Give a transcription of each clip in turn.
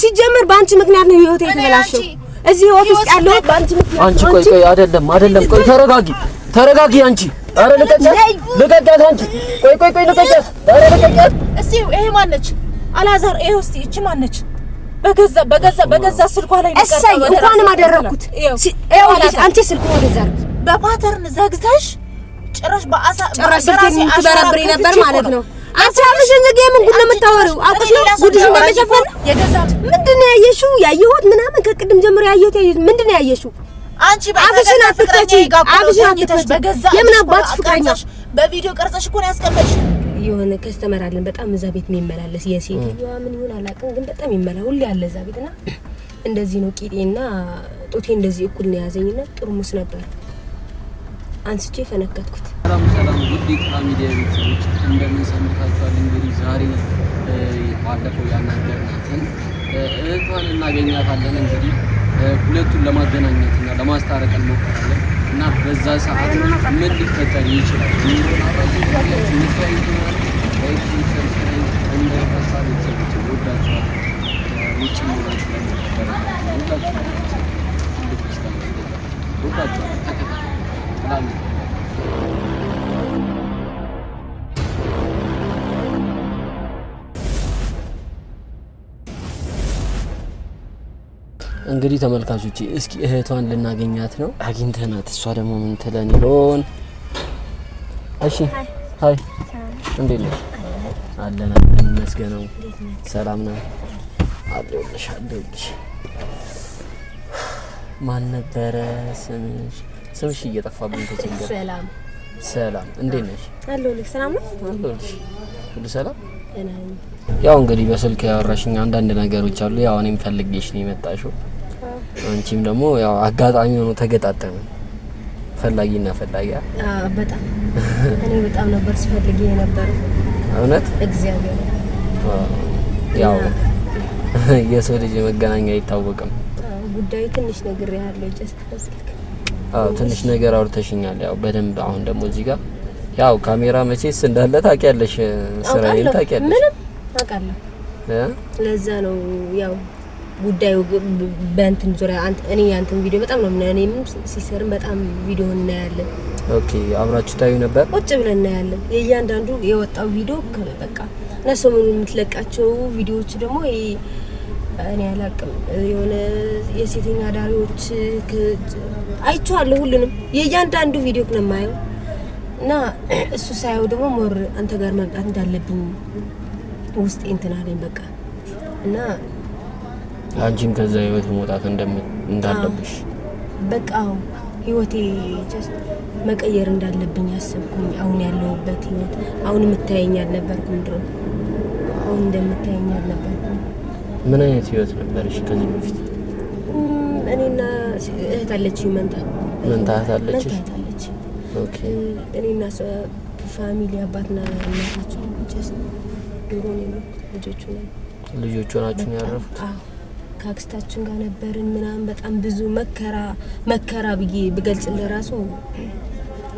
ሲጀምር በአንቺ ምክንያት ነው ህይወቴ የተበላሸው። እዚህ ህይወት ውስጥ ያለሁት በአንቺ ምክንያት። አንቺ ቆይ ቆይ፣ አይደለም አይደለም፣ ቆይ ተረጋጊ፣ ተረጋጊ አንቺ። ኧረ ልቀቂያት፣ ልቀቂያት አንቺ። ቆይ ቆይ ቆይ፣ ልቀቂያት፣ ኧረ ልቀቂያት። እስቲ ይሄ ማነች? አላዛር፣ ይሄ ውስጥ ይቺ ማነች? በገዛ በገዛ በገዛ ስልኳ ላይ እሰይ እንኳንም አደረኩት። ይኸው አንቺ ስልኩን ወደዛ በፓተርን ዘግተሽ ጭራሽ በአሳ ጭራሽ ስልኬን ትበረብሪ ነበር ማለት ነው። አስራሽን ነገ ምን ጉድ ነው የምታወሪው? አቁሽ ነው ጉድሽ እንደመሸፈን የገዛት ምንድን ነው ያየሽው? ያየሁት ምናምን ከቅድም ጀምሮ ያየሁት ምንድን ነው ያየሽው? አንቺ አፍሽን አትክፈቺ፣ አፍሽን አትክፈቺ። የምን አባትሽ ፍቅረኛሽ በቪዲዮ ቀርጸሽ እኮ ነው ያስቀመጥሽ። የሆነ ከስተመር አለን በጣም እዛ ቤት የሚመላለስ የሴትዮዋ ምን ይሆን አላውቅም፣ ግን በጣም ይመላ ሁሌ አለ እዛ ቤት እና እንደዚህ ነው ቂጤና ጡቴ እንደዚህ እኩል ነው የያዘኝና ጥርሙስ ነበር አንስቼ የፈነከትኩት። ሰላም ሰላም፣ ውድ ቃ ሚዲያ ቤተሰቦች እንደምን ሰንብታችኋል? እንግዲህ ዛሬ ባለፈው ያናገርናትን እህቷን እናገኛታለን። እንግዲህ ሁለቱን ለማገናኘት እና ለማስታረቅ እንሞክራለን እና በዛ ሰዓት ምን ሊፈጠር ይችላል ውጭ እንግዲህ ተመልካቾች እስኪ እህቷን ልናገኛት ነው። አግኝተናት፣ እሷ ደግሞ ምን ትለን ይሆን? እሺ፣ ሀይ፣ እንዴት ነው? አለና ይመስገነው። ሰላም ነው አለሁልሽ፣ አለሁልሽ። ማን ነበረ ስምሽ? ስምሽ እየጠፋብኝ ተቸገረ። ሰላም ሰላም፣ እንዴት ነሽ? አለሁልሽ። ሰላም ነው አለሁልሽ። ሁሉ ሰላም። ያው እንግዲህ በስልክ ያወራሽኝ አንዳንድ ነገሮች አሉ። ያው እኔም ፈልጌሽ ነው የመጣሽው። አንቺም ደግሞ ያው አጋጣሚ ሆኖ ተገጣጠመ። ፈላጊና ፈላጊያ? ፈላጊ በጣም እኔ በጣም ነበር ስፈልግ የነበረ እውነት እግዚአብሔር ያው የሰው ልጅ መገናኛ አይታወቅም። ጉዳዩ ትንሽ ነገር ያለው ጀስት በስልክ ትንሽ ነገር አውርተሽኛል። ያው በደንብ አሁን ደግሞ እዚህ ጋር ያው ካሜራ መቼስ እንዳለ ታውቂያለሽ፣ ስራዬን ታውቂያለሽ። ምንም አውቃለሁ። ለዛ ነው ያው ጉዳዩ በእንትን ዙሪያ አንተ እኔ ያንተን ቪዲዮ በጣም ነው ምን እኔም ሲሰርም በጣም ቪዲዮ እናያለን። ኦኬ፣ አብራችሁ ታዩ ነበር? ቁጭ ብለን እናያለን። የእያንዳንዱ የወጣው ቪዲዮ በቃ እነሱ ምን የምትለቃቸው ቪዲዮዎች ደግሞ እኔ አላቅም። የሆነ የሴተኛ አዳሪዎች አይቼዋለሁ፣ ሁሉንም የእያንዳንዱ ቪዲዮ ነው የማየው እና እሱ ሳየው ደግሞ ሞር አንተ ጋር መምጣት እንዳለብኝ ውስጤ እንትን አለኝ በቃ እና አንቺን ከዛ ህይወት መውጣት እንዳለብሽ በቃ ህይወቴ ጀስት መቀየር እንዳለብኝ አሰብኩኝ። አሁን ያለሁበት ህይወት አሁን የምታየኝ አልነበርኩም ድሮ አሁን እንደምታየኝ አልነበርኩም። ምን አይነት ህይወት ነበርሽ ከዚህ በፊት? እኔና እህት አለችኝ፣ መንታ መንታ እህት አለችሽ? ኦኬ። እኔና ፋሚሊ አባትና እናታቸው ጀስት ድሮ ነው ልጆቹ ነው ልጆቹ ናችሁ ነው ያረፉት። ከአክስታችን ጋር ነበርን ምናምን በጣም ብዙ መከራ መከራ ብዬ ብገልጽ ለራሱ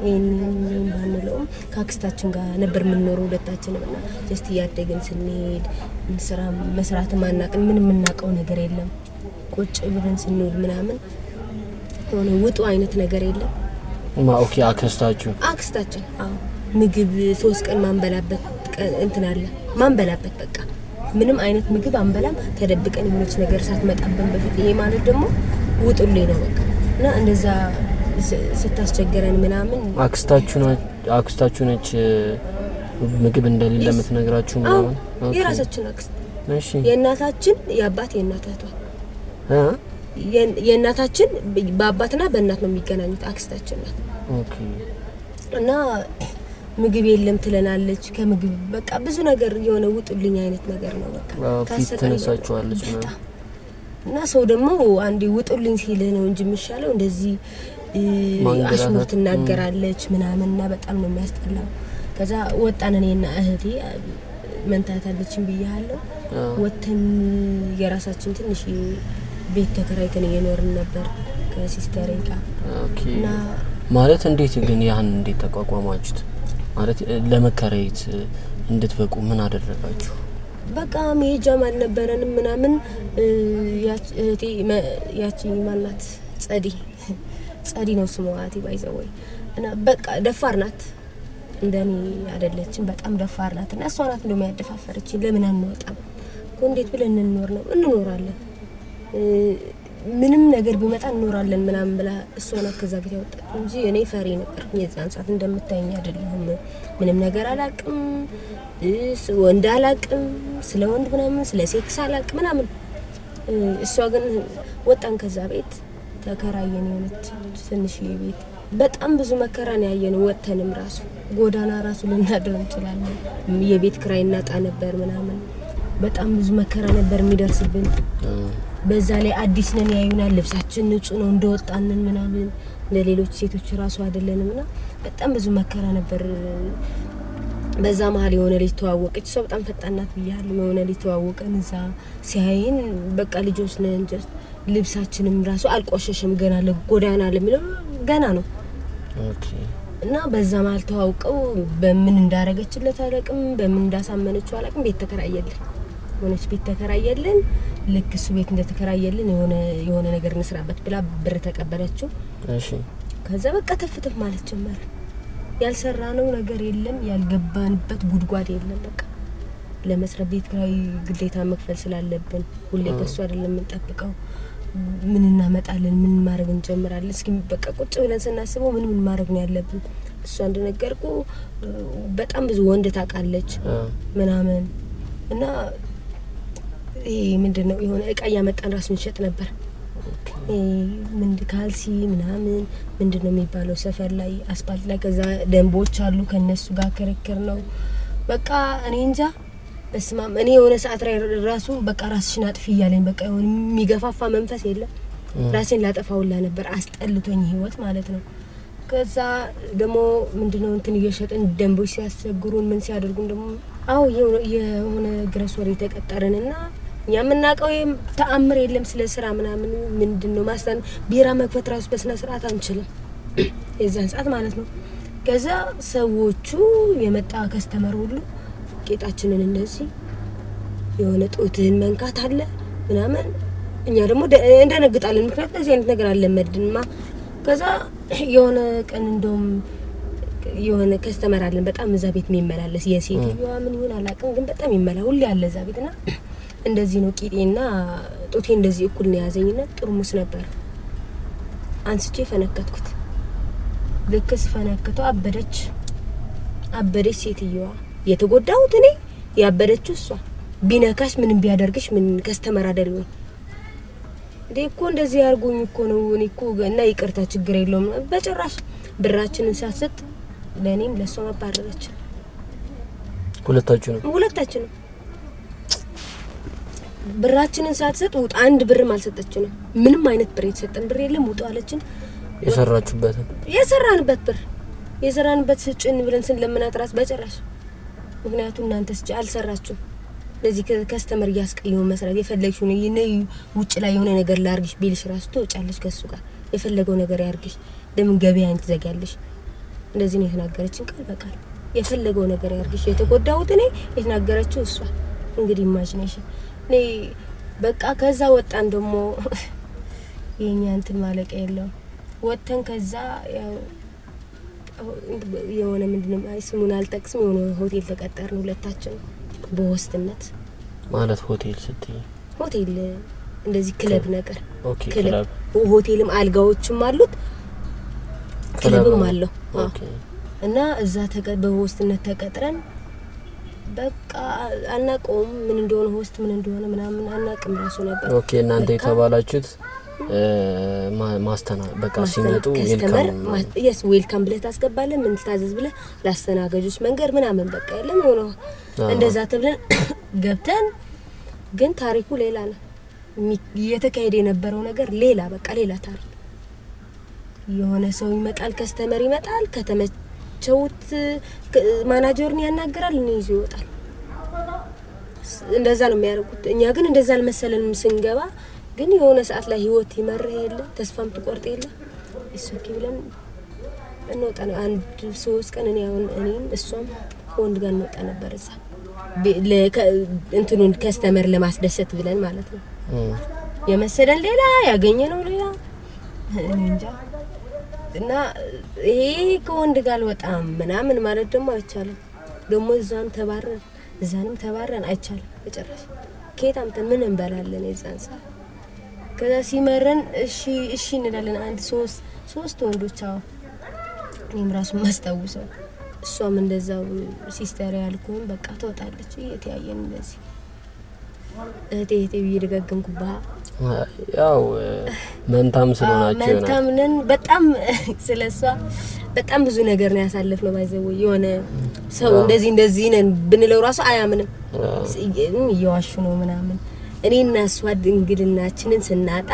ይህንን ባንለውም ከአክስታችን ጋር ነበር የምንኖረው ሁለታችንም እና ጀስት እያደግን ስንሄድ ስራ መስራት አናቅን። ምን የምናውቀው ነገር የለም። ቁጭ ብለን ስንውል ምናምን ሆነ ውጡ አይነት ነገር የለም። ኦኬ አክስታችሁ አክስታችን አዎ ምግብ ሶስት ቀን ማንበላበት እንትን አለ ማንበላበት በቃ ምንም አይነት ምግብ አንበላም። ተደብቀን የሆነች ነገር ሳትመጣብን በፊት ይሄ ማለት ደግሞ ውጡልኝ ነው በቃ እና እንደዛ ስታስቸግረን ምናምን አክስታችሁ ነች ምግብ እንደሌለ የምትነግራችሁ ምናምን? የራሳችን አክስት የእናታችን የአባት የእናታቷ የእናታችን በአባትና በእናት ነው የሚገናኙት። አክስታችን ናት እና ምግብ የለም ትለናለች። ከምግብ በቃ ብዙ ነገር የሆነ ውጡልኝ አይነት ነገር ነው። በቃ ተነሳችኋለች እና ሰው ደግሞ አንዴ ውጡልኝ ሲልህ ነው እንጂ የሚሻለው እንደዚህ አሽሙር ትናገራለች ምናምንና በጣም ነው የሚያስጠላው። ከዛ ወጣን እኔና እህቴ መንታታለችን አለችን ብያለሁ። ወተን የራሳችን ትንሽ ቤት ተከራይተን እየኖርን ነበር ከሲስተር ጋ እና ማለት እንዴት ግን ያህን እንዴት ተቋቋማችሁት? ማለት ለመከራየት እንድትበቁ ምን አደረጋችሁ? በቃ መሄጃም አልነበረንም ምናምን ያቺ ማናት ጸዲ ነው ስሟ እህቴ ባይዘወይ እና በቃ ደፋር ናት። እንደኔ አይደለችም። በጣም ደፋር ናት እና እሷ ናት እንደውም ያደፋፈረች። ለምን አንወጣም እኮ እንዴት ብለን እንኖር ነው? እንኖራለን፣ ምንም ነገር ቢመጣ እንኖራለን ምናምን ብላ እሷ ናት ከዛ ቤት ያወጣት እንጂ እኔ ፈሪ ነበር የዛን ሰዓት። እንደምታየኝ አይደለሁም፣ ምንም ነገር አላቅም፣ ወንድ አላቅም፣ ስለ ወንድ ምናምን፣ ስለ ሴክስ አላቅም ምናምን። እሷ ግን ወጣን ከዛ ቤት ተከራየን የሆነች ትንሽ ቤት። በጣም ብዙ መከራን ያየን። ወጥተንም ራሱ ጎዳና ራሱ ልናድር እንችላለን። የቤት ክራይ እናጣ ነበር ምናምን። በጣም ብዙ መከራ ነበር የሚደርስብን። በዛ ላይ አዲስ ነን ያዩናል። ልብሳችን ንጹህ ነው እንደወጣንን ምናምን። ለሌሎች ሴቶች ራሱ አይደለንም እና በጣም ብዙ መከራ ነበር በዛ መሀል የሆነ ልጅ ተዋወቀች። እሷ በጣም ፈጣናት ናት ብያለሁ። የሆነ ልጅ ተዋወቀን። እዛ ሲያይን በቃ ልጆች ነን። ጀስት ልብሳችንም ራሱ አልቆሸሸም። ገና ለጎዳና ለሚለው ገና ነው እና በዛ መሀል ተዋውቀው በምን እንዳረገችለት አላቅም፣ በምን እንዳሳመነችው አላቅም። ቤት ተከራየልን፣ የሆነች ቤት ተከራየልን። ልክ እሱ ቤት እንደተከራየልን የሆነ የሆነ ነገር እንስራበት ብላ ብር ተቀበለችው። ከዛ በቃ ተፍተፍ ማለት ጀመረ። ያልሰራነው ነገር የለም፣ ያልገባንበት ጉድጓድ የለም። በቃ ለመስራት ቤት ኪራይ ግዴታ መክፈል ስላለብን ሁሌ ከሱ አይደለም የምንጠብቀው። ምን እናመጣለን? ምን ማድረግ እንጀምራለን? እስኪ በቃ ቁጭ ብለን ስናስበው ምን ምን ማድረግ ነው ያለብን? እሷ እንደነገርኩ በጣም ብዙ ወንድ ታውቃለች ምናምን እና ይሄ ምንድን ነው የሆነ እቃ እያመጣን ራሱ እንሸጥ ነበር ምንድ ካልሲ ምናምን ምንድን ነው የሚባለው ሰፈር ላይ አስፓልት ላይ ከዛ ደንቦች አሉ ከነሱ ጋር ክርክር ነው። በቃ እኔ እንጃ በስማም እኔ የሆነ ሰዓት ላይ ራሱ በቃ ራስሽን አጥፊ እያለኝ በቃ የሆነ የሚገፋፋ መንፈስ የለም። ራሴን ላጠፋውላ ነበር አስጠልቶኝ ህይወት ማለት ነው። ከዛ ደግሞ ምንድነው እንትን እየሸጥን ደንቦች ሲያስቸግሩን ምን ሲያደርጉን ደግሞ አሁ የሆነ ግረሶር የተቀጠርን እና እኛ የምናውቀው ይሄም ተአምር የለም። ስለ ስራ ምናምን ምንድን ነው ማስተን ቢራ መክፈት ራሱ በስነ ስርዓት አንችልም፣ የዛን ሰዓት ማለት ነው። ከዛ ሰዎቹ የመጣ ከስተመር ሁሉ ጌጣችንን እንደዚህ የሆነ ጦትህን መንካት አለ ምናምን። እኛ ደግሞ እንደነግጣለን፣ ምክንያት እንደዚህ አይነት ነገር አለመድንማ። ከዛ የሆነ ቀን እንደውም የሆነ ከስተመር አለን በጣም እዛ ቤት የሚመላለስ የሴትዮዋ ምን ይሆን አላውቅም፣ ግን በጣም ይመላ ሁሌ አለ እዛ ቤት ና እንደዚህ ነው ቂጤና ጡቴ እንደዚህ እኩል ነው የያዘኝና ጥርሙስ ነበር አንስቼ ፈነከትኩት። ልክ ስፈነክተው አበደች። አበደች ሴትየዋ። የተጎዳሁት እኔ፣ ያበደችው እሷ። ቢነካሽ ምንም ቢያደርግሽ ምን ከስተመር አይደለም እንዴ? እኮ እንደዚህ ያርጉኝ እኮ ነው እኔ እኮ እና ይቅርታ፣ ችግር የለውም በጭራሽ። ብራችንን ሳትሰጥ ለእኔም ለእሷ ማባረረች ሁለታችሁ ነው ሁለታችሁ ነው ብራችንን ሳትሰጥ ውጣ። አንድ ብርም አልሰጠችንም። ምንም አይነት ብር የተሰጠን ብር የለም። ውጡ አለችን። የሰራችሁበትን የሰራንበት ብር የሰራንበት ስጭን ብለን ስንለምናት ራስ በጭራሽ። ምክንያቱም እናንተ ስጭ አልሰራችሁም። ለዚህ ከስተመር እያስቀየሙ መስራት የፈለግሽ ነው። ነይ ውጭ ላይ የሆነ ነገር ላርግሽ ቢልሽ ራሱ ትወጫለሽ ከሱ ጋር የፈለገው ነገር ያርግሽ። ለምን ገበያን ትዘጋለሽ? እንደዚህ ነው የተናገረችን ቃል በቃል የፈለገው ነገር ያርግሽ። የተጎዳሁት እኔ የተናገረችው እሷ። እንግዲህ ኢማጂኔሽን እኔ በቃ ከዛ ወጣን ደግሞ የኛ እንትን ማለቀ የለውም። ወጥተን ከዛ ያው የሆነ ምንድነው አይ ስሙን አልጠቅስም የሆነ ሆቴል ተቀጠርን ሁለታችን በሆስትነት ማለት ሆቴል ስትይ ሆቴል እንደዚህ ክለብ ነገር ክለብ ሆቴልም አልጋዎችም አሉት ክለብም አለው እና እዛ በሆስትነት ተቀጥረን በቃ አናቀውም ምን እንደሆነ ሆስት ምን እንደሆነ ምናምን አናውቅም ራሱ ነበር። ኦኬ እናንተ የተባላችሁት ማስተና በቃ ሲመጡ የስ ዌልካም ብለህ ታስገባለህ፣ ምን ልታዘዝ ብለህ ላስተናገጆች መንገድ ምናምን በቃ የለም ሆኖ እንደዛ ተብለን ገብተን፣ ግን ታሪኩ ሌላ ነው። እየተካሄደ የነበረው ነገር ሌላ በቃ ሌላ ታሪክ የሆነ ሰው ይመጣል፣ ከስተመር ይመጣል ከተመ ያላቸውት ማናጀሩን ያናገራል፣ እኔ ይዞ ይወጣል። እንደዛ ነው የሚያደርጉት። እኛ ግን እንደዛ አልመሰለንም። ስንገባ ግን የሆነ ሰዓት ላይ ህይወት ይመርህ የለ ተስፋም ትቆርጥ የለ እሱኪ ብለን እንወጣ ነው። አንድ ሶስት ቀን እኔ አሁን እኔም እሷም ከወንድ ጋር እንወጣ ነበር እዛ እንትኑን ከስተመር ለማስደሰት ብለን ማለት ነው የመሰለን ሌላ ያገኘ ነው ሌላ እንጃ እና ይሄ ከወንድ ጋር አልወጣም ምናምን ማለት ደግሞ አይቻልም። ደግሞ እዛን ተባረን እዛንም ተባረን አይቻልም። በጭራሽ ከየት አምተን ምን እንበላለን? የዛን ሰ ከዛ ሲመረን እሺ እሺ እንላለን። አንድ ሶስት ሶስት ወንዶች አዎ፣ እኔም ራሱ ማስታውሰው እሷም እንደዛው ሲስተር ያልኩኝ በቃ ትወጣለች እየተያየን እንደዚህ እህቴ እህቴ ብዬ ደጋገምኩባ። ያው መንታም ስለሆናቸው መንታም ነን። በጣም ስለሷ በጣም ብዙ ነገር ነው ያሳለፍነው። ባይዘው የሆነ ሰው እንደዚህ እንደዚህ ነን ብንለው ራሱ አያምንም፣ እየዋሹ ነው ምናምን። እኔ እና እሷ ድንግልናችንን ስናጣ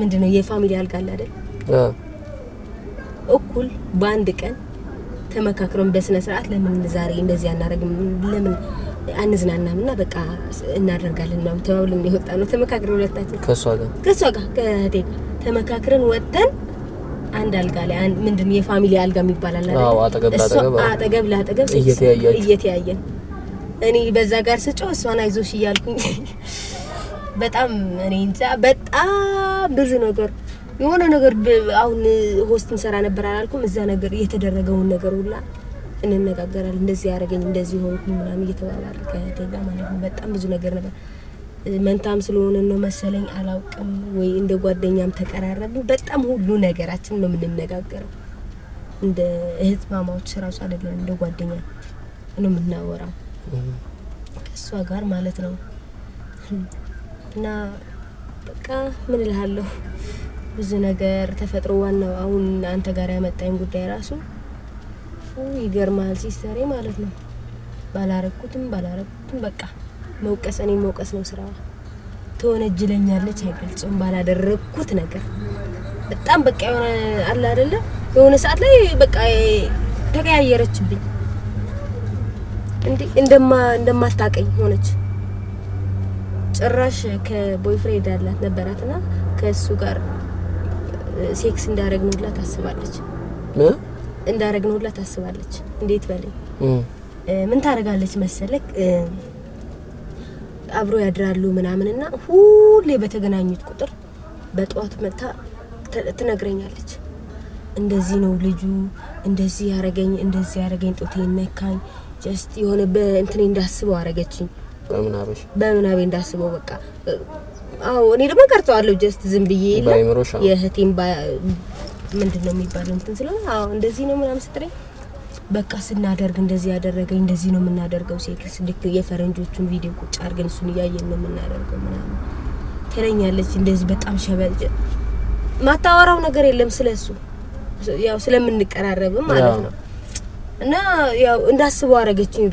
ምንድን ነው የፋሚሊ አልጋ አይደል? እኩል በአንድ ቀን ተመካክረን በስነ ስርዓት ለምን ዛሬ እንደዚህ አናደርግም ለምን አንዝናናም እና በቃ እናደርጋለን ምናምን ተባብለን የወጣ ነው። ተመካክረን ሁለታችን ከእሷ ጋር ከእሷ ጋር ከእህቴ ጋር ተመካክረን ወጥተን አንድ አልጋ ላይ አንድ ምንድን ነው የፋሚሊ አልጋ የሚባል አለ አይደል? አጠገብ ለአጠገብ እየተያየን እኔ በዛ ጋር ስጮ እሷን አይዞሽ እያልኩኝ በጣም እኔ እንጃ በጣም ብዙ ነገር የሆነ ነገር አሁን ሆስት እንሰራ ነበር አላልኩም? እዛ ነገር የተደረገውን ነገር ሁላ እንነጋገራለን። እንደዚህ ያደረገኝ እንደዚህ ሆንኩኝ ምናምን እየተባባል ከእህቴ ጋር ማለት ነው። በጣም ብዙ ነገር ነበር። መንታም ስለሆነ ነው መሰለኝ አላውቅም፣ ወይ እንደ ጓደኛም ተቀራረብን። በጣም ሁሉ ነገራችን ነው የምንነጋገረው። እንደ እህት ማማዎች ራሱ አይደለም እንደ ጓደኛ ነው የምናወራው ከእሷ ጋር ማለት ነው። እና በቃ ምን እልሃለሁ ብዙ ነገር ተፈጥሮ ዋናው አሁን አንተ ጋር ያመጣኝ ጉዳይ ራሱ ይገርማል ሲስተሬ ማለት ነው። ባላረኩትም ባላረኩትም በቃ መውቀስ እኔ መውቀስ ነው ስራዋ። ትወነጅለኛለች አይገልጽም ባላደረኩት ነገር በጣም በቃ የሆነ አለ አይደለ የሆነ ሰዓት ላይ በቃ ተቀያየረችብኝ። እንዴ እንደማ እንደማታቀኝ ሆነች። ጭራሽ ከቦይፍሬንድ አላት ነበራትና ከእሱ ጋር ሴክስ እንዳደረግንላት ታስባለች። እንዳረግነው ሁላ ታስባለች። እንዴት በለኝ ምን ታደርጋለች መሰለክ አብሮ ያድራሉ ምናምንና ሁሌ በተገናኙት ቁጥር በጠዋት መታ ትነግረኛለች። እንደዚህ ነው ልጁ እንደዚህ ያረገኝ እንደዚህ ያረገኝ፣ ጦቴ ነካኝ፣ ጀስት የሆነ በእንትኔ እንዳስበው አረገችኝ፣ በምናቤ እንዳስበው በቃ። አዎ እኔ ደግሞ ቀርጸዋለሁ ጀስት ዝም ብዬ የእህቴን ምንድን ነው የሚባለው እንትን ስለሆነ አዎ እንደዚህ ነው ምናምን ስትለኝ በቃ ስናደርግ እንደዚህ ያደረገኝ እንደዚህ ነው የምናደርገው። ሴክስ ልክ የፈረንጆቹን ቪዲዮ ቁጭ አድርገን እሱን እያየን ነው የምናደርገው ምናምን ትለኛለች። እንደዚህ በጣም ሸበል ማታወራው ነገር የለም ስለሱ ያው ስለምንቀራረብም ማለት ነው። እና ያው እንዳስበው አደረገችኝ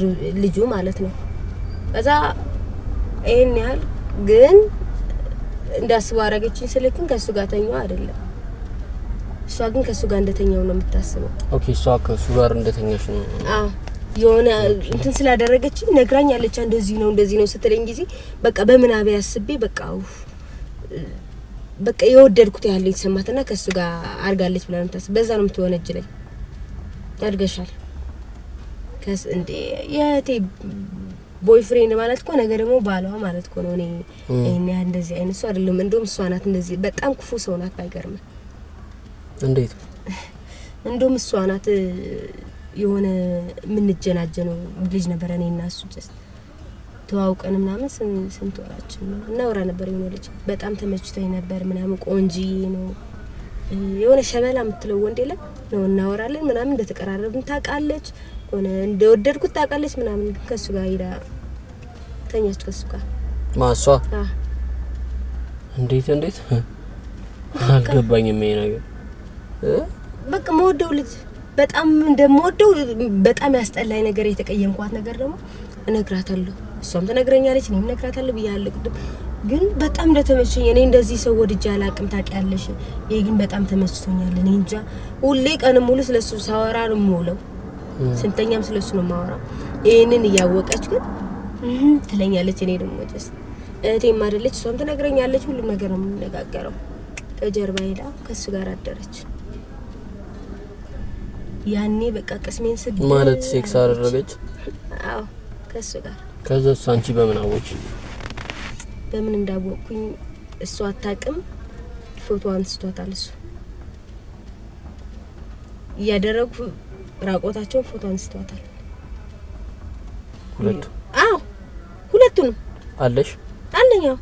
ልጁ ማለት ነው። ከዛ ይሄን ያህል ግን እንዳስበው አደረገችኝ ስልክን ከእሱ ጋር ተኛው አይደለም እሷ ግን ከእሱ ጋር እንደተኛው ነው የምታስበው። ኦኬ፣ እሷ ከእሱ ጋር እንደተኛች ነው። አዎ የሆነ እንትን ስላደረገች ነግራኝ አለቻ። እንደዚህ ነው እንደዚህ ነው ስትለኝ ጊዜ በቃ በምናቤ አስቤ በቃ በቃ የወደድኩት ያህል የተሰማትና ከእሱ ጋር አድጋለች ብላ የምታስብ በዛ ነው የምትወነጅ ላይ ያድገሻል ከስ እንዴ የእህቴ ቦይፍሬንድ ማለት እኮ ነገ ደግሞ ባሏ ማለት እኮ ነው። እኔ እኔ እንደዚህ አይነት ሰው አይደለም። እንደውም እሷ ናት እንደዚህ በጣም ክፉ ሰው ናት። ባይገርምም እንዴት? እንደውም እሷ ናት የሆነ የምንጀናጀነው ልጅ ነበረ። እኔ እና እሱ ጀስት ተዋውቀን ምናምን ስንት ወራችን ነው እናወራ ነበር። የሆነ ልጅ በጣም ተመችቶኝ ነበር ምናምን፣ ቆንጂ ነው የሆነ ሸበላ የምትለው ወንድ የለም ነው። እናወራለን ምናምን፣ እንደተቀራረብን ታውቃለች፣ ሆነ እንደወደድኩት ታውቃለች ምናምን። ግን ከእሱ ጋር ሄዳ ተኛች። ከእሱ ጋር ማሷ እንዴት እንዴት አልገባኝም ይሄ ነገር በቃ መወደው ልጅ በጣም እንደምወደው በጣም ያስጠላኝ ነገር የተቀየምኳት ነገር ደግሞ እነግራታለሁ፣ እሷም ትነግረኛለች፣ እኔም እነግራታለሁ ብያለሁ ቅድም። ግን በጣም እንደተመቸኝ እኔ እንደዚህ ሰው ወድጄ አላውቅም ታውቂያለሽ። ይሄ ግን በጣም ተመችቶኛል። እኔ እንጃ ሁሌ ሙሉ ስለሱ ሳወራ ነው የምውለው፣ ስንተኛም ስለሱ ነው የማወራው። እያወቀች ግን ትለኛለች። እኔ ደግሞ እህቴም አይደለች እሷም ትነግረኛለች። ሁሉም ነገር ነው ከጀርባ ሄዳ ከሱ ጋር አደረች። ያኔ በቃ ቅስሜን ስድ ማለት ሴክስ አደረገች። አዎ ከሱ ጋር። ከዛ እሱ አንቺ በምን አወቅሽ? በምን እንዳወቅኩኝ እሱ አታውቅም። ፎቶ አንስቷታል እሱ እያደረጉ ራቆታቸውን ፎቶ አንስቷታል። ሁለቱ አዎ ሁለቱንም አለሽ? አለኝ። አዎ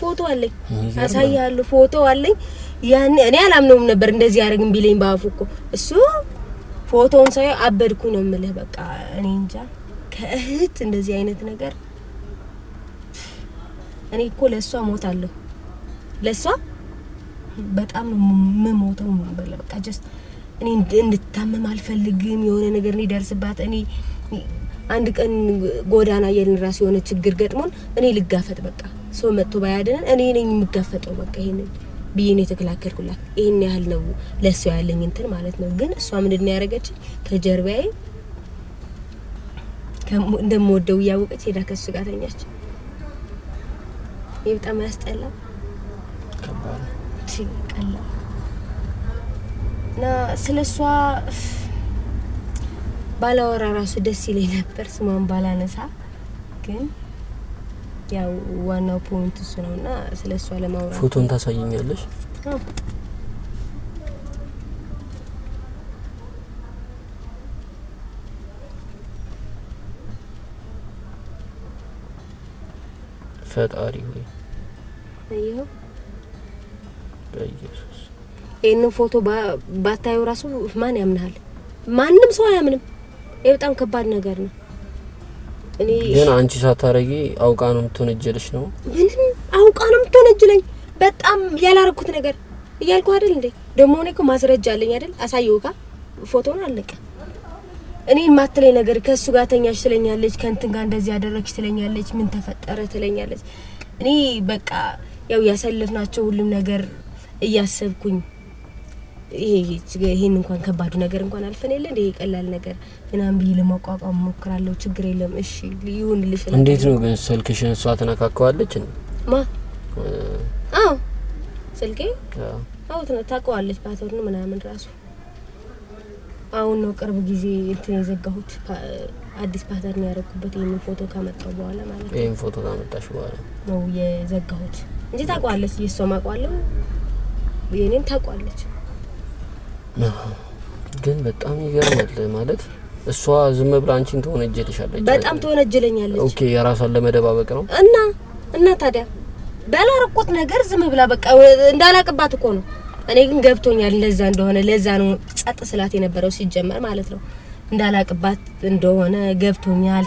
ፎቶ አለኝ፣ አሳያለሁ። ፎቶ አለኝ ያኔ እኔ አላምነውም ነበር እንደዚህ ያደርግም ቢለኝ በአፉ እኮ እሱ ፎቶውን ሳይ አበድኩ ነው የምልህ። በቃ እኔ እንጃ ከእህት እንደዚህ አይነት ነገር እኔ እኮ ለእሷ ሞታለሁ። ለእሷ በጣም ነው የምሞተው። በቃ ጀስት እኔ እንድታመም አልፈልግም። የሆነ ነገር እኔ ደርስባት እኔ አንድ ቀን ጎዳና የልን ራስ የሆነ ችግር ገጥሞን እኔ ልጋፈጥ በቃ ሰው መጥቶ ባያድነን እኔ ነኝ የምጋፈጠው በቃ ይሄንን ብዬ ነው የተከላከልኩላት። ይህን ያህል ነው ለእሷ ያለኝ እንትን ማለት ነው። ግን እሷ ምንድን ነው ያደረገችኝ? ከጀርባዬ እንደምወደው እያወቀች ሄዳ ከሱ ጋር ተኛች። ይህ በጣም ያስጠላ ቀላ እና ስለ እሷ ባላወራ ራሱ ደስ ይለኝ ነበር ስሟን ባላነሳ ግን ያው ዋናው ፖይንት እሱ ነው እና ስለ እሷ ለማውራት ፎቶን ታሳይኛለሽ? ፈጣሪ ሆይ በኢየሱስ ይህን ፎቶ ባታየው ራሱ ማን ያምናል? ማንም ሰው አያምንም። ይህ በጣም ከባድ ነገር ነው። ግን አንቺ ሳታረጊ አውቃ ነው የምትወነጀልሽ ነው። ምንም አውቃ ነው የምትወነጀለኝ። በጣም ያላረኩት ነገር እያልኩ አይደል እንዴ? ደግሞ እኔ እኮ ማስረጃ አለኝ አይደል? አሳየው ጋ ፎቶን አለቀ። እኔ የማትለኝ ነገር ከእሱ ጋር ተኛሽ ትለኛለች፣ ከእንትን ጋር እንደዚህ ያደረግሽ ትለኛለች፣ ምን ተፈጠረ ትለኛለች። እኔ በቃ ያው ያሳለፍናቸው ሁሉም ነገር እያሰብኩኝ ይሄ ይሄን እንኳን ከባዱ ነገር እንኳን አልፈን የለ እንደ ይሄ ቀላል ነገር ምናምን ብዬ ለማቋቋም እሞክራለሁ። ችግር የለም እሺ ልሽ። እንዴት ነው ግን ስልክሽን እሷ ተነካከዋለች? ማ አዎ ስልኬ አዎ ታውቀዋለች። ፓተርን ምናምን ራሱ አሁን ነው ቅርብ ጊዜ እንትን የዘጋሁት አዲስ ፓተርን ያደረኩበት ይህንን ፎቶ ካመጣው በኋላ ማለት ነው። ይህን ፎቶ ካመጣሽ በኋላ ነው የዘጋሁት እንጂ ታውቀዋለች። የእሷም አውቀዋለሁ የእኔም ታውቀዋለች። ግን በጣም ይገርማል ማለት ነው። እሷ ዝም ብላ አንቺን ተወነጀልሻለች። በጣም ተወነጀለኛለች። ኦኬ የራሷን ለመደባበቅ ነው እና እና ታዲያ ባላረቁት ነገር ዝም ብላ በቃ እንዳላቅባት እኮ ነው። እኔ ግን ገብቶኛል ለዛ እንደሆነ ለዛ ነው ጸጥ ስላት የነበረው ሲጀመር ማለት ነው። እንዳላቅባት እንደሆነ ገብቶኛል።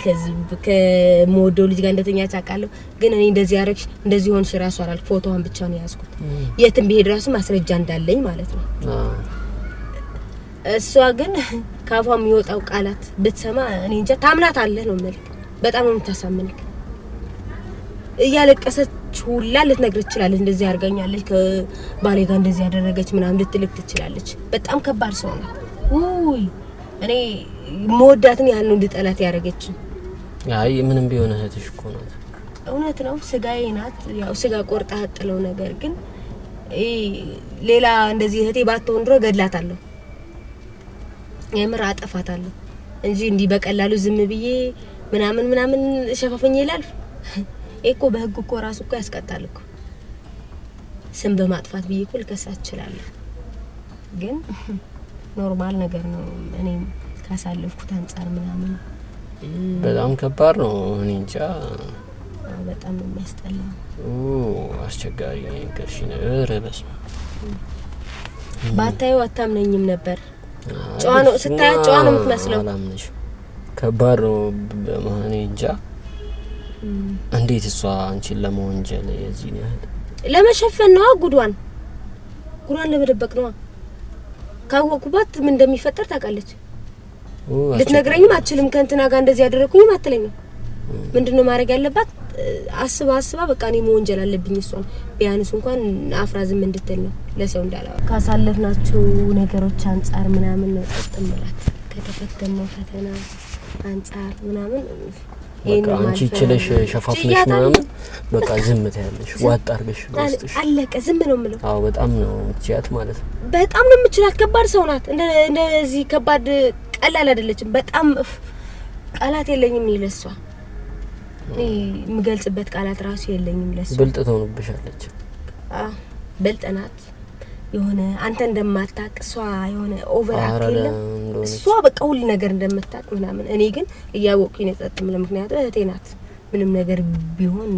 ከመወደው ልጅ ጋር እንደተኛ አውቃለሁ። ግን እኔ እንደዚህ ያረግሽ እንደዚህ ሆንሽ ራሱ አላልኩ። ፎቶዋን ብቻ ነው የያዝኩት። የትም ብሄድ ራሱ ማስረጃ እንዳለኝ ማለት ነው። እሷ ግን ከአፏ የሚወጣው ቃላት ብትሰማ እኔ እንጃ ታምናት አለ ነው የምልህ። በጣም ነው የምታሳምንክ። እያለቀሰች ሁላ ልትነግር ትችላለች። እንደዚህ አድርጋኛለች፣ ከባሌ ጋር እንደዚህ ያደረገች ምናምን ልትልክ ትችላለች። በጣም ከባድ ሰው ናት። ውይ እኔ መወዳትን ያህል ነው እንድጠላት ያደረገችን። አይ ምንም ቢሆን እህትሽ እኮ ናት። እውነት ነው ስጋዬ ናት። ያው ስጋ ቆርጣ ያጥለው ነገር ግን ሌላ እንደዚህ እህቴ ባትሆን ድሮ ገድላታለሁ የምር አጠፋታለሁ እንጂ እንዲህ በቀላሉ ዝም ብዬ ምናምን ምናምን ሸፋፈኝ ይላል እኮ በህግ እኮ ራሱ እኮ ያስቀጣል እኮ ስም በማጥፋት ብዬ እኮ ልከሳ እችላለሁ። ግን ኖርማል ነገር ነው። እኔ ካሳለፍኩት አንጻር ምናምን በጣም ከባድ ነው። እኔ እንጃ በጣም የሚያስጠላ አስቸጋሪ ነገር ነበር። በስመ ባታዩ አታምነኝም ነበር ጨዋ ነው ስታያት፣ ጨዋ ነው የምትመስለው። ከባድ ነው በመሆኔ እንጃ እንዴት እሷ አንቺን ለመወንጀል የዚህን ያህል ለመሸፈን ነዋ። ጉዷን ጉዷን ለመደበቅ ነዋ። ካወቅኩባት ምን እንደሚፈጠር ታውቃለች። ልትነግረኝም አትችልም። ከእንትና ጋር እንደዚህ ያደረግኩኝም አትለኝም። ምንድነው ማድረግ ያለባት? አስባ አስባ በቃ እኔ መወንጀል አለብኝ እሷን ቢያንስ እንኳን አፍራ ዝም እንድትል ነው ለሰው እንዳላወራ ካሳለፍናቸው ነገሮች አንጻር ምናምን ነው ጸጥ ምላት ከተፈተነው ፈተና አንጻር ምናምን አንቺ ችለሽ ሸፋፍነሽ ምናምን በቃ ዝም ትያለሽ፣ ዋጥ አድርገሽ አለቀ። ዝም ነው የምለው። አዎ በጣም ነው ትያት ማለት ነው። በጣም ነው የምችላት። ከባድ ሰው ናት። እንደዚህ ከባድ ቀላል አይደለችም። በጣም ቃላት የለኝም ይለሷ የምገልጽበት ቃላት ራሱ የለኝም። ለሱ ብልጥ ትሆንብሻለች። ናት። የሆነ አንተ እንደማታቅ እሷ የሆነ ኦቨር አክት የለም እሷ በቃ ሁሉ ነገር እንደምታቅ ምናምን። እኔ ግን እያወቅኩኝ ነው ለምክንያቱ እህቴ ናት። ምንም ነገር ቢሆን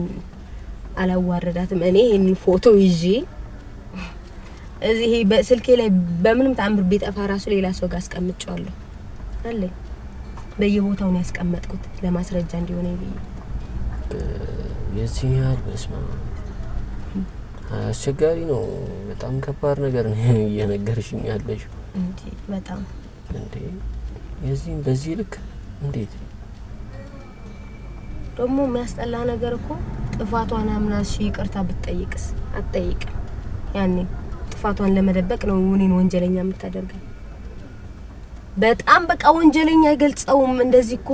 አላዋረዳትም። እኔ ይህን ፎቶ ይዤ እዚህ በስልኬ ላይ በምንም ተአምር ቢጠፋ ራሱ ሌላ ሰው ጋር አስቀምጫዋለሁ አለኝ። በየቦታው ነው ያስቀመጥኩት ለማስረጃ እንዲሆነ ብዬ የዚህን ያህል በስማ አስቸጋሪ ነው። በጣም ከባድ ነገር ነው እየነገርሽኝ ያለሽ። በጣም እንዴ! የዚህም በዚህ ልክ እንዴት ደግሞ የሚያስጠላ ነገር እኮ ጥፋቷን አምና እሺ ይቅርታ ብትጠይቅስ? አትጠይቅም። ያኔ ጥፋቷን ለመደበቅ ነው እኔን ወንጀለኛ የምታደርገኝ። በጣም በቃ ወንጀለኛ አይገልጸውም። እንደዚህ እኮ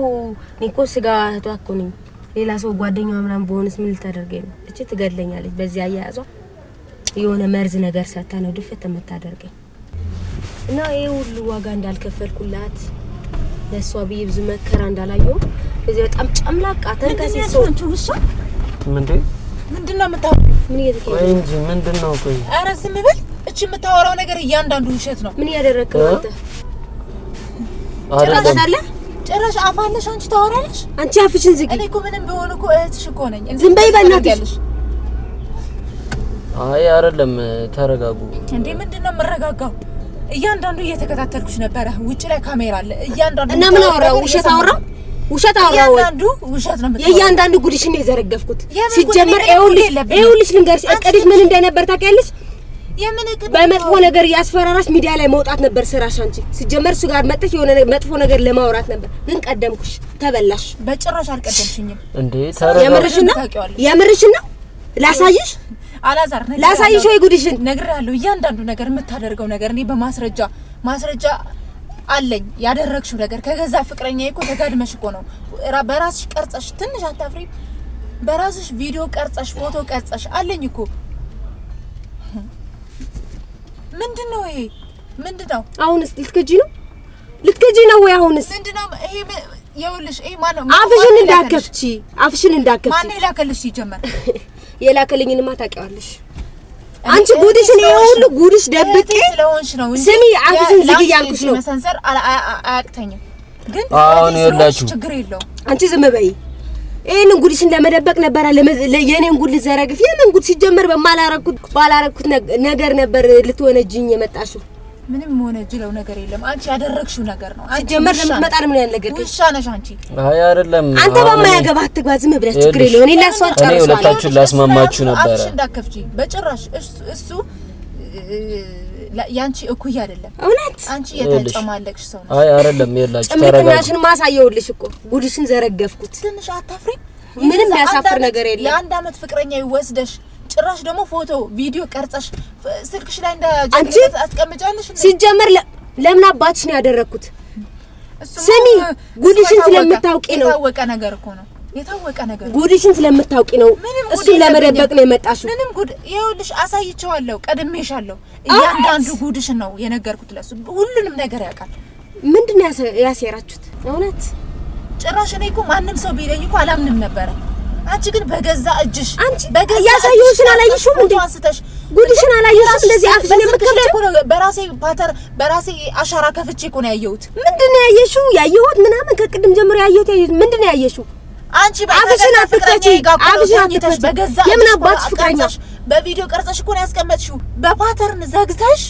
እኔ እኮ ስጋ እህቷ እኮ ነኝ ሌላ ሰው ጓደኛዋ ምናምን በሆነስ ምን ልታደርገኝ ነው? እቺ ትገድለኛለች። በዚህ አያያዟ የሆነ መርዝ ነገር ሰታ ነው ድፍት የምታደርገኝ እና ይሄ ሁሉ ዋጋ እንዳልከፈልኩላት ለእሷ ብዬ ብዙ መከራ እንዳላየው እዚህ በጣም ጨምላቃ ተንከሴሶ ሰው ምንድነው ነው የምታወራው? ምን እየተካሄደ ነው እንጂ ምንድነው? ቆይ አረ ዝም ብል። እቺ የምታወራው ነገር እያንዳንዱ ውሸት ነው። ምን እያደረግክ ነው አንተ? አረ አይደለ ጭራሽ አፋነሽ አንቺ ታወራለሽ። አንቺ አፍሽን ዝጊ። እኔ እኮ ምንም ቢሆን እኮ እህትሽ እኮ ነኝ። ዝም በይ በእናትሽ። አይ አይደለም፣ ተረጋጉ። እንዴ ምንድን ነው የምረጋጋው? እያንዳንዱ እየተከታተልኩሽ ነበረ። ውጭ ላይ ካሜራ አለ። እያንዳንዱ እና ምን አወራው? ውሸት አወራው ውሸት አወራው። እያንዳንዱ ውሸት ነው። የእያንዳንዱ ጉድሽን ነው የዘረገፍኩት። ሲጀመር ይኸውልሽ፣ ይኸውልሽ ልንገርሽ፣ እቅድሽ ምን እንደነበር ታውቂያለሽ? በመጥፎ ነገር ያስፈራራሽ ሚዲያ ላይ መውጣት ነበር ስራሽ። አንቺ ሲጀመር እሱ ጋር መጥተሽ የሆነ መጥፎ ነገር ለማውራት ነበር፣ ግን ቀደምኩሽ፣ ተበላሽ። በጭራሽ አልቀደምሽኝም። እንዴ የምርሽን ነው? የምርሽን ነው? ላሳይሽ አላዛር ነገር ላሳይሽ ወይ ጉድሽን ነግሬሃለሁ። እያንዳንዱ ነገር የምታደርገው ነገር እኔ በማስረጃ ማስረጃ አለኝ። ያደረግሽው ነገር ከገዛ ፍቅረኛ እኮ ተጋድመሽ እኮ ነው። በራስሽ ቀርጸሽ ትንሽ አታፍሪ? በራስሽ ቪዲዮ ቀርጸሽ ፎቶ ቀርጸሽ አለኝ እኮ ምንድን ነው ይሄ? ምንድን ነው አሁንስ? ልትከጂ ነው ልትከጂ ነው ወይ? አሁንስ ምንድን ነው ይሄ? ይኸውልሽ ይሄ ማነው? አፍሽን እንዳከፍቺ አፍሽን እንዳከፍቺ። ማን የላከልሽ ይጀመር? የላከልኝንማ ታውቂዋለሽ አንቺ ጉድሽን ይሄ ሁሉ ጉድሽ ደብቄ ስለሆንሽ ነው። ስሚ አፍሽን ዝግ እያልኩሽ ነው። መሰንዘር አያቅተኝም፣ ግን አሁን ይኸውላችሁ ችግር የለውም። አንቺ ዝም በይ ይህንን ጉድሽን ለመደበቅ ነበረ የእኔን ጉድ ልዘረግፍ። የምን ጉድ ሲጀመር በማላረኩት ባላረኩት ነገር ነበር ልትወነጅኝ የመጣሽው። ምንም ሆነ የምወነጅለው ነገር የለም። አንቺ ያደረግሽው ነገር ነው። ሲጀመር ለምትመጣ ምን ያህል ነገር ውሻ ነሽ አንቺ። አይ አይደለም፣ አንተ በማያገባ አትግባ። ዝም ብለሽ ችግር የለውም። እኔ ላሷ ጨርሷል። እኔ ሁለታችሁን ላስማማችሁ ነበረ። አፍሽ እንዳከፍቺ በጭራሽ እሱ ያንቺ እኩይ አይደለም። እውነት አንቺ የተጨማለቅሽ ሰው ነሽ። አይ አይደለም፣ ይላችሁ ጭምቅናሽን ማሳየውልሽ እኮ ጉድሽን ዘረገፍኩት። ትንሽ አታፍሪ? ምንም ያሳፍር ነገር የለም። የአንድ አመት ፍቅረኛ ይወስደሽ ጭራሽ ደግሞ ፎቶ ቪዲዮ ቀርጸሽ ስልክሽ ላይ እንደ ጀግነት አስቀምጫለሽ። ሲጀመር ለምን አባትሽ ነው ያደረኩት? ስሚ ጉድሽን ስለምታውቂ ነው። የታወቀ ነገር እኮ ነው የታወቀ ነገር ጉድሽን ስለምታውቂ ነው። እሱን ለመደበቅ ነው የመጣሽው። ምንም ጉድ ይኸውልሽ፣ አሳይቼዋለሁ፣ ቀድሜሻለሁ። እያንዳንዱ ጉድሽን ነው የነገርኩት ለሱ። ሁሉንም ነገር ያውቃል። ምንድን ነው ያሴራችሁት? እውነት ጭራሽ እኔ እኮ ማንም ሰው ቢለኝ እኮ አላምንም ነበረ። አንቺ ግን በገዛ እጅሽ አንቺ በገዛ ያሳየሁሽን አላየሽውም እንዴ? አንስተሽ ጉድሽን አላየሽውም? እንደዚህ አፍሽን የምትከፍለው በራሴ ፓተር በራሴ አሻራ ከፍቼ እኮ ነው ያየሁት። ምንድን ነው ያየሽው? ያየሁት ምናምን ከቅድም ጀምሮ ያየሁት ያየሁት ምንድን ነው ያየሽው? አንቺ አፍሽን አትክፈቺ፣ አፍሽን አትክፈቺ። በገዛ የምን አባትሽ ፍቅረኛሽ በቪዲዮ ቀርጸሽ እኮ ነው ያስቀመጥሽው። በፓተርን ዘግተሽ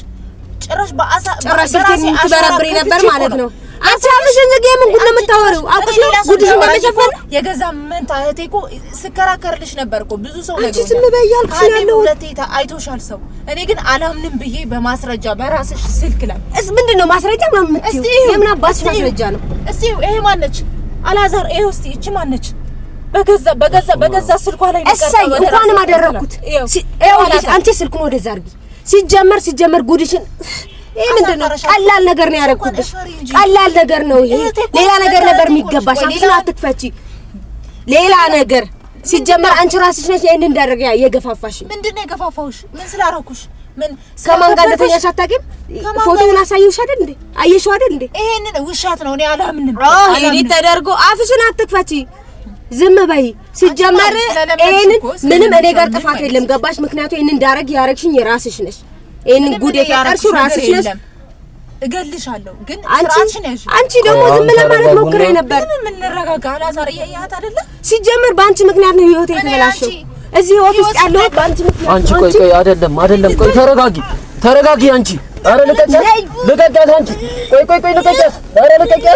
ጭራሽ በአሳ ጭራሽ ስልኬን ትበረብሪ ነበር ማለት ነው። አንቺ አፍሽን ዝግ። የምን ጉድ ነው የምታወሪው? አውቀሽ ነው ጉድሽ በመሸፈን የገዛ መንታ እህቴ እኮ ስከራከርልሽ ነበር እኮ ብዙ ሰው ነገር። አንቺ ዝም በይ ያልኩሽ ያለው ሁለቴ አይቶሻል ሰው። እኔ ግን አላምንም ብዬ በማስረጃ በራስሽ ስልክ ላይ እስ ምንድን ነው ማስረጃ ምናምን የምትይው? የምን አባትሽ ማስረጃ ነው? እስቲ ይሄ ማነች አላዛር ይኸው ውስጥ እቺ ማነች? በገዛ በገዛ በገዛ ስልኳ ላይ እሰይ፣ እንኳንም አደረኩት። ይኸው አንቺ ስልኩን ወደዛ አድርጊ። ሲጀመር ሲጀመር ጉድሽን ይሄ ምንድን ነው? ቀላል ነገር ነው ያደረኩብሽ። ቀላል ነገር ነው ይሄ። ሌላ ነገር ነበር የሚገባሽ። ልጅን አትክፈቺ። ሌላ ነገር ሲጀመር አንቺ ራስሽ ነሽ ይሄን እንዳደረገ የገፋፋሽ። ምንድን ነው የገፋፋሁሽ? ምን ስላደረኩሽ? ምን ከማን ጋር እንደተኛሽ አታውቂም? ፎቶውን አሳየሁሽ አይደል እንዴ? አየሽው አይደል እንዴ? ይሄንን ውሻት ነው እኔ አላምንም። ይሄን ተደርጎ አፍሽን አትክፈቺ። ዝም በይ። ሲጀመር ይሄንን ምንም እኔ ጋር ጥፋት የለም። ገባሽ? ምክንያቱ ይሄንን እንዳረግ ያረግሽኝ የራስሽ ነሽ። ይሄንን ጉድ የፈጠርሽው ራስሽ ነሽ። እገልሻለሁ ግን አንቺ ደግሞ ዝም ለማለት ሞክሬ ነበር። ምን እንረጋጋ። አላዛር እያያት አይደለ? ሲጀመር በአንቺ ምክንያት ነው ህይወቴ የተበላሸው። እዚህ ህይወት ውስጥ ያለው አንቺ አንቺ ቆይ ቆይ አይደለም አይደለም ቆይ ተረጋጊ ተረጋጊ አንቺ ኧረ ልቀቂያት ልቀቂያት አንቺ ቆይ ቆይ ቆይ ልቀቂያት ኧረ ልቀቂያት